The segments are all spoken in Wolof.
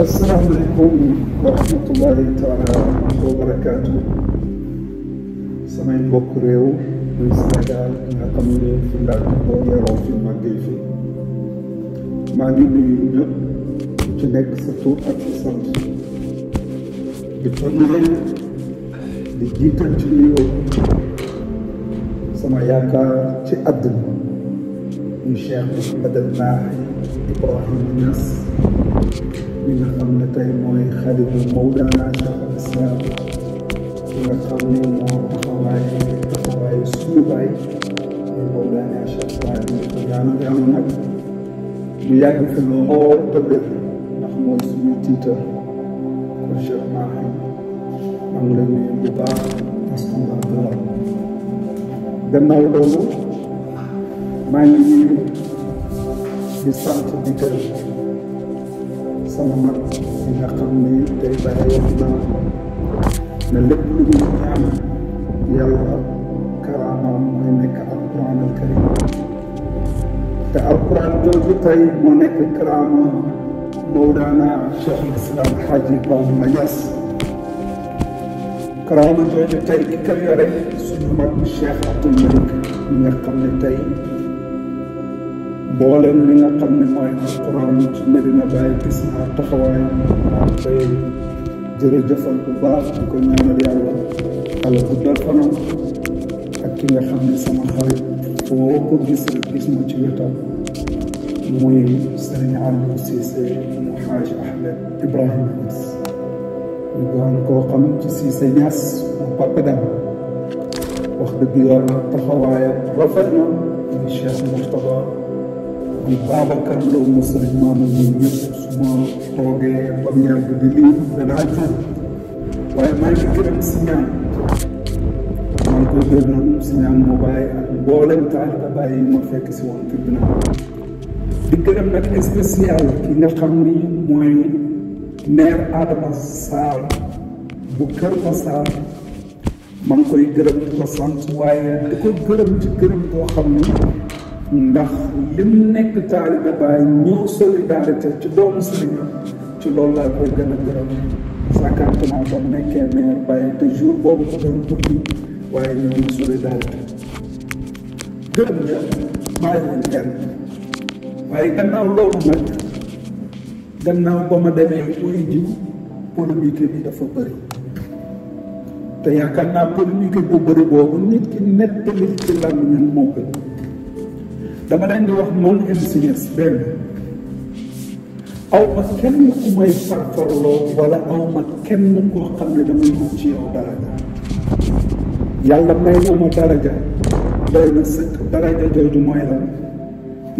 السلام عليكم ورحمة الله taala wa barakaatu samay mbokk réew muy Sénégal nga xam ne fi laa juddoo yaroo fi màggee fi maa ngi nuyu ñëpp ci nekk sa tur ak sa sant di fanweer di jiital ci nuyoo sama yaakaar ci àdduna muy Cheikh Mouhamed El Mahi Ibrahima Niass من વિના તૈમોએ ખાલિદ મૌલાના શાહ ઇસ્લામ ويقرني وأخوي أخوي سوبي مولانا شفاعي يعني بأمر نبي وياك في الغور تبر نحن اسمي تيتا كل شيء معي أمرني بباع أسكن الدار دمنا ولولو ما يجي بساعة بيتر sama mag yi nga xam ni tey bàyyi wax na ne lépp lu ñu ñaan yàlla karaamam mooy nekk alquran al karim te alquran jooju tey moo nekk karaama mawlaana cheikh al islam xaaji Ibrahima Niass karaama jooju tey ki ko yore suñu mag cheikh Abdul Malik ñi nga xam ne tey mboolem li nga xamne moy alquran ci Medina Baye ci sa taxaway baye jere jërëjëfal bu baax di ko ñaanal yàlla ala yàlla dal fana ak ki nga xamne sama xarit fo ko gis rek gis ma ci wetam moy serigne Aliou Cissé mu haaj Ahmed ibrahim ni ñu ko xam ci Cissé ñass mu Papa Dam wax deug yàlla taxawaayam rafetna ni Cheikh mustafa di Babacar Lo mu sëriñ maanaam ñun ñëpp ba mu yàgg di lii danaa waaye maa ngi gërëm si ñaan maa koy gërëm si ñaan mu bàyyi ak mboolem taal ka bàyyi ma fekk si woon tribunal di gërëm nag spécial ki nga xam ni mooy maire Adama Sall bu Kër Massar maa ngi koy gërëm di sant waaye di gërëm ci gërëm boo xam ni ndax lim nekk taalibe Baay ñëw solidarité ci doomu sëriñ ci loolu laa koy gën a gërëm sàkkantement ba mu nekkee maire Baay te jour boobu ko doon tukki waaye ñëw na solidarité gërëm ña bàyyi woon kenn waaye gannaaw loolu nag gannaaw ba ma demee uy ji polémique bi dafa bëri te yaakaar naa polémique bu bëri boobu nit ki nettali ci làmmiñam moo gën dama leen di wax man ingénieur benn aw ma kenn ku may farfarloo wala aw ma kenn koo xam ne damay dugg ci yow daraja yàlla may na ma daraja doy na sëkk daraja jooju mooy lan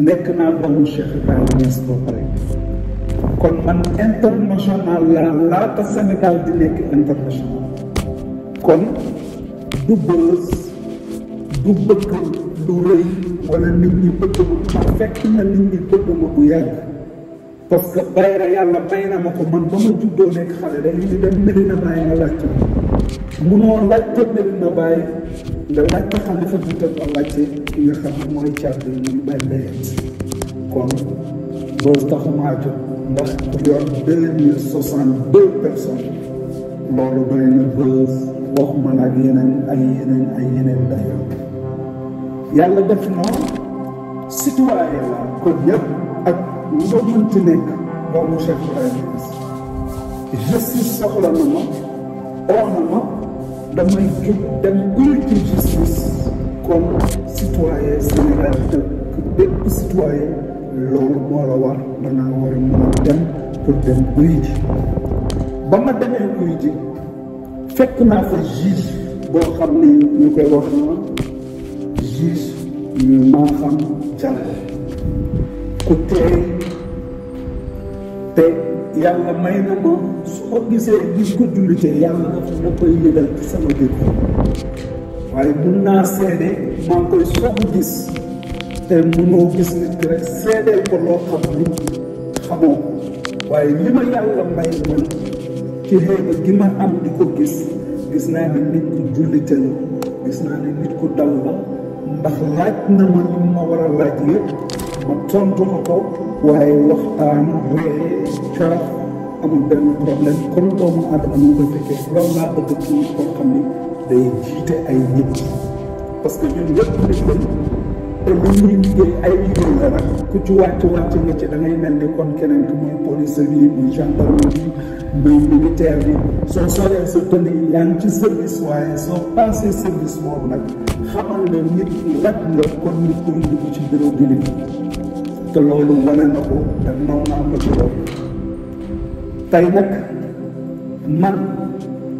nekk naa doomu Cheikh Ibrahima Niass ba pare man international laa laata Sénégal di nekk international kon du bës du wala nit ñi bëgg ma fekk na nit ñi bëgg ma bu yàgg parce que bayra yàlla may na ma ko man ba ma juddoo nekk xale dañu di dem Medina Baye nga laajte munoo laajte Medina Baye nga laajte xalifa bu tëb a laajte ki nga xam ne mooy càdd muy bay bayat kon loolu taxumaa jóg ndax ku yor deux mille soixante deux personnes loolu doy na preuve waxuma nag yeneen ay yeneen ay yeneen dayoo yàlla def na citoyen la kon ñëpp ak loo mënti nekk moomu Cheikh justice soxla ma wax ma damay jub dem ulti justice kon citoyen Sénégal dëkk bépp citoyen loolu moo la war danaa war a mën a dem pour dem uy ba ma demee uy fekk naa fa juge boo xam ne ñu koy wax na juste une enfant jàll ku teey te yàlla may na ko su ko gisee gis ko jullite yàlla dafa ma koy yëgal ci sama biir waaye mun naa seede maa koy soog gis te mënoo gis nit rek seedeel ko loo xam ni xamoo waaye li ma yàlla may man ci xeeba gi ma am di ko gis gis naa ne nit ku jullite la gis naa nit ku dal la ndax laaj na ma li ma war a laaj yëpp ma tontu ko ko waaye waxtaan ree coof amul benn problème kon doomu aadama mu koy fekkee loolu laa bëgg kii koo xam ni day jiite ay nit parce que ñun ñëpp dañ te lu muy liggéey ay liggéey la nag ku ci wàcc wàcc nga ci da mel ni kon keneen ki muy police bi muy gendarmerie muy militaire bi soo solee sa tënk yaa ngi ci service waaye soo passé service boobu nag xamal ne nit ki nga kon nit koy dugg ci bureau bi te loolu wane na ko te ko ci loolu tey nag man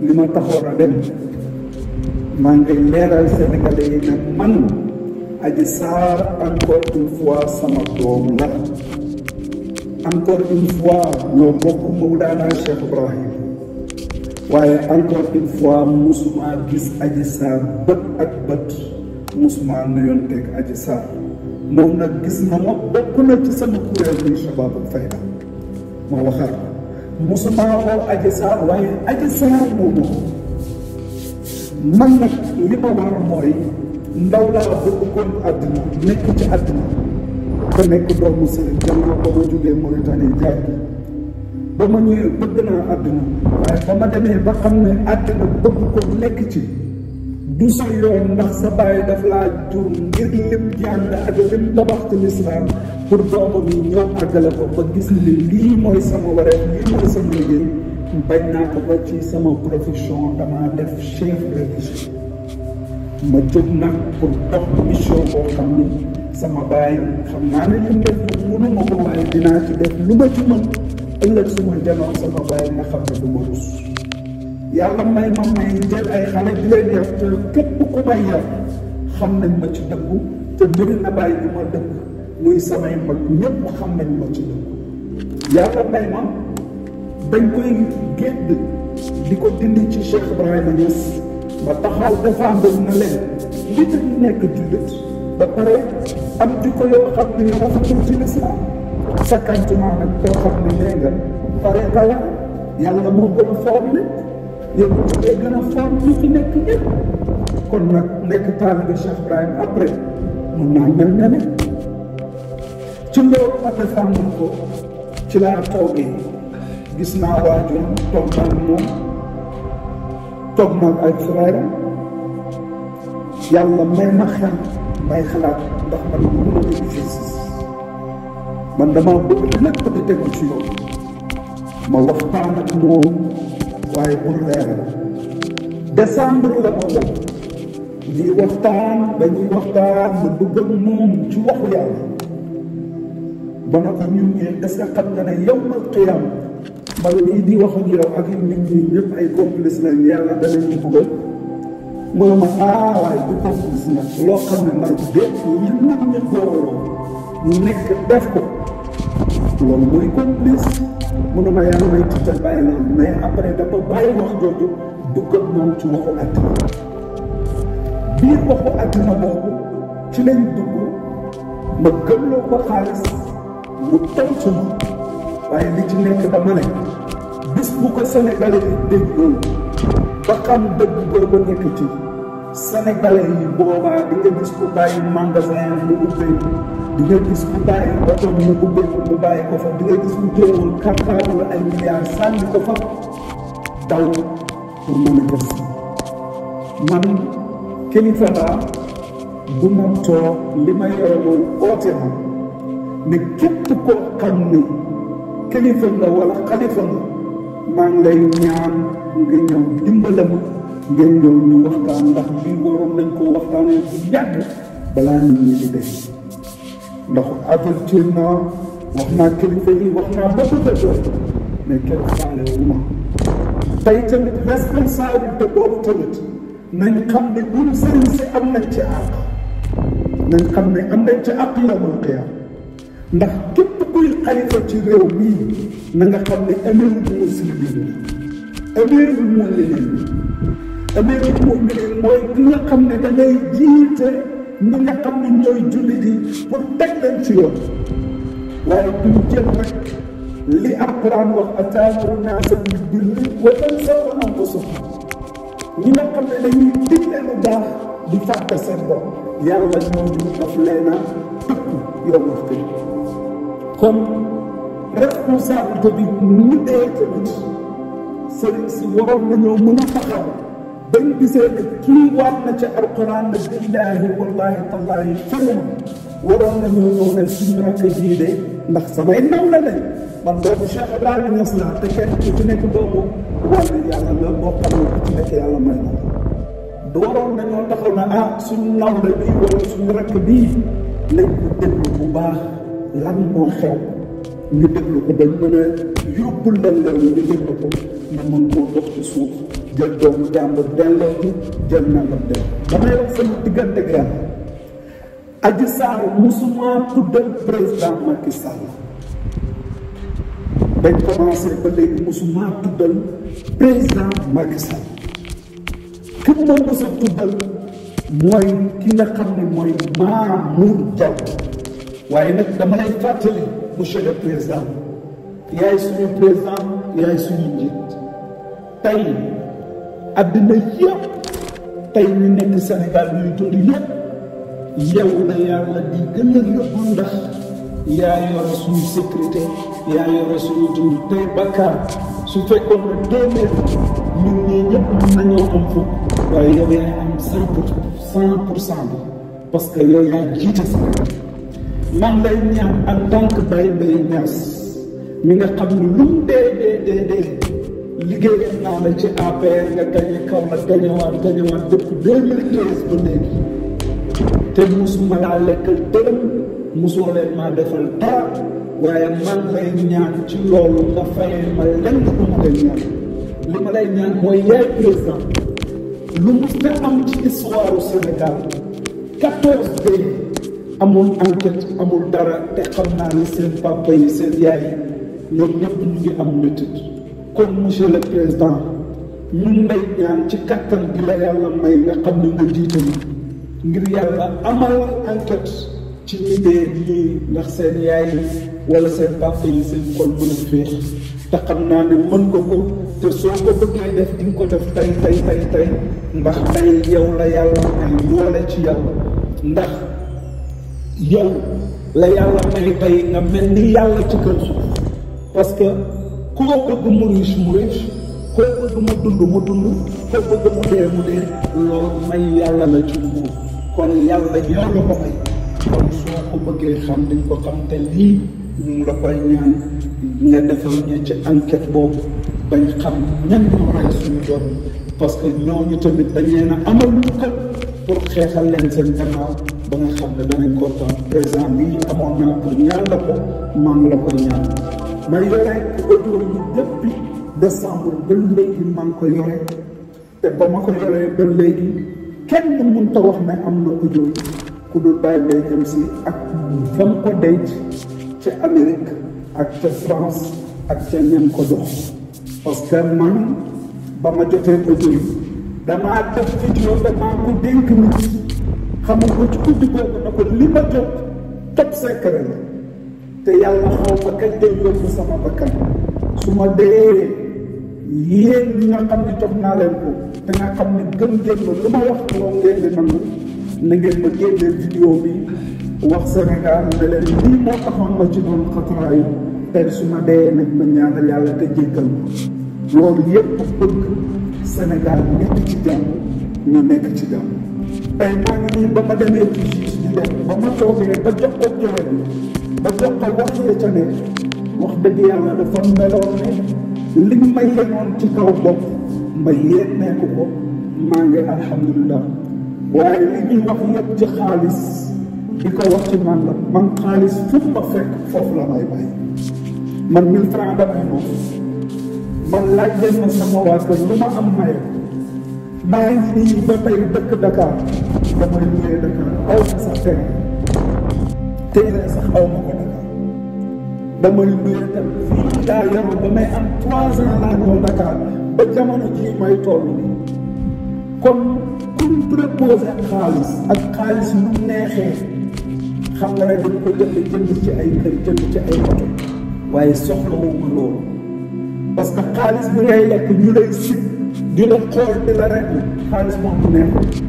li ma taxoon maa ngi leeral sénégalais yi nag man Adji Sarr encore une fois sama doom la encore une fois ñoo bokk Mawlana Ibrahim waaye encore une fois gis Adji bët ak bët musuma nuyonteeg Adji Sarr gis na ma bokk na ci sama kuréel bi Shabab al Fayda ma waxaat musuma waaye Adji Sarr moomu man nag li ma war mooy ndaw laa bëggoon àdduna nekk ci àdduna nekk doomu Sénégal ba ma ba ma ñëwee bëgg naa àdduna ba ma demee ba xam ne àdduna bëgg ko nekk ci du sa yoon ndax sa bàyyi daf laa jur ngir lim jàng ak lim tabax lislaam pour doomam yi ñoo àggale ko ba gis ne lii mooy sama wareef lii mooy liggéey bañ naa ko ba ci sama profession damaa def chef religieux ma jóg nag pour dox mission boo xam ni sama baay xam naa ne li mu def mënu ma ko waaye dinaa ci def lu ma ci mën ëllëg su ma sama baay nga xam na du ma rus yàlla may ma may jël ay xale di leen yar ku may yar xam nañ ma ci dëggu te bëri na bàyyi bu ma dëgg muy samay mag ñépp xam nañ ma ci dëggu yàlla may ma dañ koy di ko dindi ci Cheikh Ibrahima Niass ma taxaw défendre na leen li tax nekk jullit ba pare am jikko yoo xam ne yu rafetul ci lislaam sakantement nag koo xam ne nee nga pare nga war yàlla moo gën a foor lépp yéen ñoo a foor nekk ñëpp kon nag nekk taalibe Cheikh Ibrahim après mun naa ne ne ci loolu ma défendre ko ci laa toogee gis naa waajuram toog ak moom toog maag ak frère yàlla may ma xel may xalaat ndax man mënuma def justice man damaa bëgg lépp di tegu ci yoon ma waxtaan ak moom waaye bu leer décembre la ma wax ñuy ma dugg ak moom ci ba nga xam ñu ngi est-ce yow ma xiyaam man lii di wax ak yow ak nit ñi ñëpp ay complice lañ yàlla danañu bëggal mu ne ma ah waaye du complice loo xam ne man bépp ñi nit ñi dooloo nekk def ko loolu mooy complice mu yàlla may tuutal bàyyi loolu mais après dafa bàyyi wax jooju duggal moom ci waxu àddina biir waxu àddina boobu ci lañ dugg ma gëmloo ko xaalis mu tontu waaye li ci nekk dama ne bis bu ko sénégalais yi déglu ba xam dëgg booba nekk ci sénégalais yi boobaa di gis ku bàyyi magasin mu ubbeeku di gis ku bàyyi mu bàyyi ko fa di gis ku jëloon kàppaaru ay milliards sànni ko fa daw a jëf man kilifa laa bu ma toog li ma yore oote na ne képp koo xam ne kilifa nga wala xalifa nga maa ngi lay ñaan nga ñëw dimbale ma nga ñëw ñu waxtaan ndax lii waroon nañ ko waxtaanee bu yàgg balaa nit ñi di def ndax avertir naa wax naa kilifa yi wax naa ba sa mais kenn faale wu ma tey tamit responsabilité boobu tamit nañ xam ne buñ sëriñ si am nañ ci àq nañ xam ne am nañ ci àq yow ma xiyam ndax képp kuy xalifa ci réew mii na nga xam ne amiru bu muslimin amiru bu muminin amiru bu muminin mooy ki nga xam ne da ngay jiite ñi nga xam ne ñooy jullit yi pour teg leen ci yoon waaye duñ jël rek li alquran wax ataamu naasa bi birri wa tansawna anfusakum ñi nga xam ne dañuy digle lu baax di fàtte seen bopp yàlla ñoom ñu daf leen a tëkk yow wax comme responsable de vie, de vie, de vie, de vie, de vie, de vie, de vie, de vie, de vie, de vie, de vie, de vie, de vie, de vie, ورانا نقول نسمع كجيدة نخسر ما إنا ولا لي من دوب شاف بعد نصنع تكن كتنة دوبه وانا يا الله بقى من كتنة يا الله ما إنا دورنا نقول نخونا آ سمع ولا لي ورسمع كبير لي بدل مباه lan moo xew ñu déglu ko dañ mën a yóbbu ndàndal ñu déglu ko ñu mën koo dox ci suuf jël doomu jàmbur delloo ko jël nangam delloo damay wax sama diggante gan aji saar musuma tuddal président Macky Sall dañ commencé ba léegi musuma tuddal président Macky Sall tuddal mooy ki nga xam ne mooy waaye nag dama lay fàttali monsieur le président yaay suñu président yaay suñu njiit tey addina yëpp tey ñu nekk Sénégal ñuy dund yëpp yow la yàlla di gën a yóbbu ndax yaa yore suñu sécurité yaa yore suñu dund tey bakkaar su fekkoon ne téeméer ñun ñii ñëpp mën nañoo waaye yow yaay am cent pour cent parce que yow yaa jiite Sénégal man lay ñaan en tant que Baye Mbaye Niass mi nga xam ne lu mu dee liggéey naa la ci APR nga gañe kaw la gañewaat gañewaat depuis 2013 ba léegi te musuma laa lekkal dërëm musoo leen maa defal dara waaye man lay ñaan ci loolu nga fayee ma lenn lu ma lay ñaan li ma lay ñaan mooy yaay président lu mu fa am ci histoire Sénégal 14 pays amul enquête amul dara te xam naa ne seen papa yi seen yaay yi ñoom ñëpp ñu ngi am métit kon monsieur le président ñun lay ñaan ci kattan bi la yàlla may nga xam ne nga jiite ngir yàlla amal enquête ci ñi dee ñii ndax seen yaay yi wala seen papa yi seen xol mën a féex te xam naa ne mën ko ko te soo ko bëggee def di nga ko def tey tey tey tey ndax tey yow la yàlla may doole ci yow ndax yow la yàlla may bay nga mel ni yàlla ci kaw suuf parce que koo bëgg mu riche mu riche koo bëgg dund mu dund koo bëgg mu dee mu dee loolu may yàlla la ci moom kon yàlla yàlla ko may kon soo ko bëggee xam dañ ko xam te lii ñu ngi la koy ñaan nga defal ñu ci enquête boobu bañ xam ñan ñoo rey suñu doom parce que ñooñu tamit dañ leen a amal lu pour xeexal leen seen gannaaw ba nga xam ne danañ kontaan bi amoon naa ko ñaan la ko maa ngi la koy ñaan may yore audio yi depuis décembre ba léegi maa ko yore te ba ma ko yoree ba léegi kenn mënut a wax am na audio yi ku dul bàyyi lay jëm si ak fam ko denc ca Amérique ak ca France ak ca ñem ko dox parce que man ba ma jotee audio yi damaa def vidéo damaa ko dénk nit xam nga ko ci guddi googu na ko li ma jot top secret la te yàlla xaw ma kañ day yóbbu sama bakkan su ma dee yéen li nga xam ni jox naa leen ko da nga xam ne gëm ngeen lu ma wax loo ngeen di nangu na ngeen ma génneel vidéo bi wax Sénégal ne leen lii moo taxoon ma ci doon xataraayu te su ma dee nag ma ñaanal yàlla te jéggal ma loolu yëpp bëgg Sénégal nekk ci jàmm ñu nekk ci jàmm tey maa ngi nii ba ma demee ci juge bi dem ba ma toogee ba jox ko jëwel ba jox ko wax ya ca ne wax dëgg yàlla dafa meloon ne li ma yenoon ci kaw bopp ma yéeneeku waaye li ñuy wax xaalis di ko wax ci man la man xaalis fu ma fekk foofu la may bàyyi man mille francs damay moom man ba tey damay liggéey Dakar aw ma sax tere téere sax aw ma ko Dakar damay liggéey tam fii laa yaru ba may am trois ans laa ñëw Dakar ba jamono jii may toll nii kon ku ñu proposé xaalis ak xaalis lu neexee xam nga ne dañ ko jënd jënd ci ay kër jënd ci ay oto waaye soxlawuma loolu parce que xaalis bi ngay lekk ñu lay sit di la xool di la xaalis moom bu neexul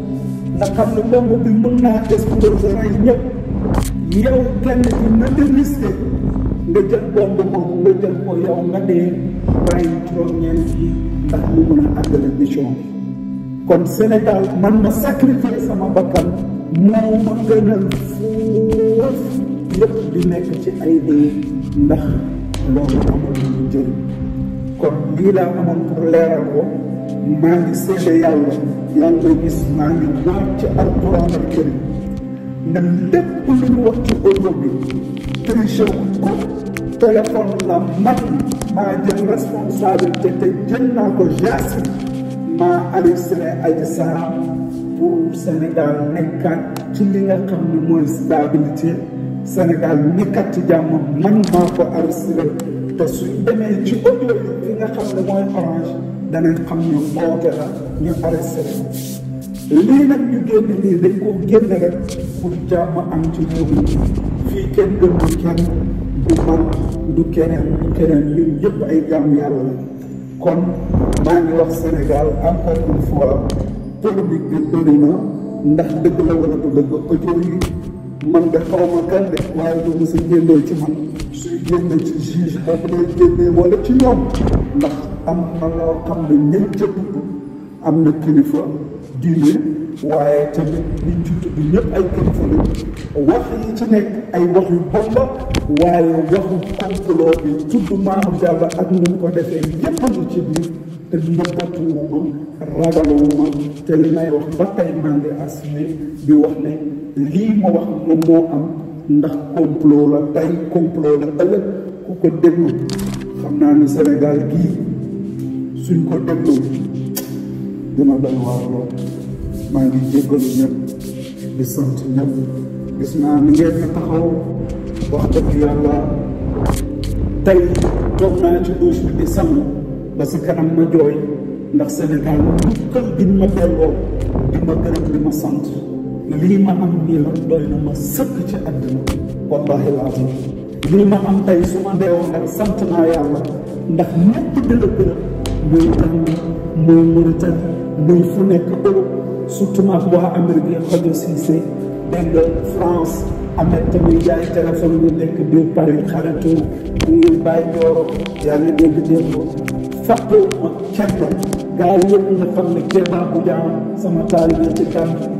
ndax xam nga ndongo bi mën naa exposé ñëpp yow kenn ci maternité nga jël bomb boobu nga jël ko yow nga dee bàyyi juróom yi ndax mu mën a àggale mission bi kon Sénégal man ma sacrifier sama bakkan moo ma gënal foof lépp di nekk ci ay dee ndax loolu amul lu jëriñ kon lii laa amoon pour leeral ko maa ngi seede yaa ngi koy gis maa ngi waat ci alquran al karim ne lépp lu ñu wax ci audio bi triché ko téléphone la man maa jël responsabilité te jël naa ko jaasi maa Aliou Sene Adji Sarr pour Sénégal ci li nga xam ne mooy stabilité Sénégal nekkaat ci jàmm man maa ko arrêté te suñ demee ci audio yi fi nga xam ne mooy orange danañ xam ñu boote la ñu arrêté lii nag ñu génn nii dañ koo génn rek pour am ci réew mi fii kenn gënul kenn du man du keneen du ay jaam yàlla kon maa ngi wax Sénégal encore une fois polémique bi bëri na ndax dëgg la wala du dëgg audio yi man de xaw ma kan de waaye loolu su génnee ci man suy génne ci juge boobu day génnee wala ci ñoom ndax am na loo xam ne am na kilifa diine waaye tamit liñ ci tudd ñëpp ay kilifa wax yi ci nekk ay wax yu bon la waaye waxu complot bi tudd Mamour Diallo ak nu ko defe yépp ci biir te nëbbatuwu ma ragaluwu ma te li wax ba tey maa ngi assumé bi wax ne lii ma wax moom moo am ndax complot la tey complot la ëllëg ku ko déglu xam naa ni Sénégal gii suñ ko déglu dina doy waar lool maa ngi jéggalu ñëpp di sant ñëpp gis naa ni ngeen na taxaw wax dëgg yàlla tey toog naa ci douche bi di sangu ba si kanam ma jooy ndax Sénégal lu kër gi ma delloo di ma gërëm di ma sant lii ma am nii la doy na ma sëkk ci àdduna wallahi alazim lii ma am tey su ma deewoon rek sant naa yàlla ndax ñëpp di la gërëm muy Gambie muy Mauritanie muy fu nekk Europe surtout maak waa Amérique rajo Cissé dégg France amet te muy jaay téléphone yu nekk biir Paris xaritu mu ngi bàyyi jooro yaa ngi dégg démb fàttewu ma kenn gaa yëpp nga xam ne kenn bu jaam sama taalibe ci Gambie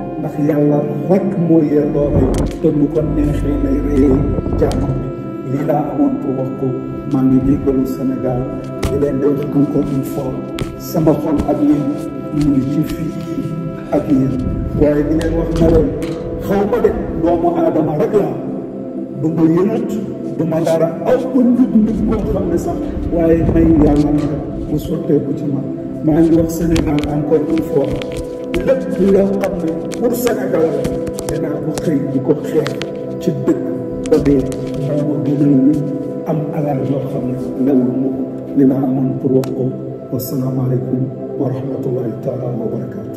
ndax yàlla rekk moo yelloo rey te lu ko neexee lay reyee jaamam bi lii amoon pour wax ko maa ngi jéggalu Sénégal di leen di wax encore une fois sama xol ak yéen ñu ngi ci fii ak yéen waaye di leen wax na leen xaw ma de doomu aadama rek laa du ma yënat du ma dara aw ma ndug ndug bu sottee bu ci man maa lépp loo xam ne pour Sénégal danaa ko xëy di ko xeex ci dëkk ba dee dama gënal ni am alal yoo xam ne ndawul mu li naa amoon pour wax ko wasalaamaaleykum wa rahmatullahi taala wa barakaatu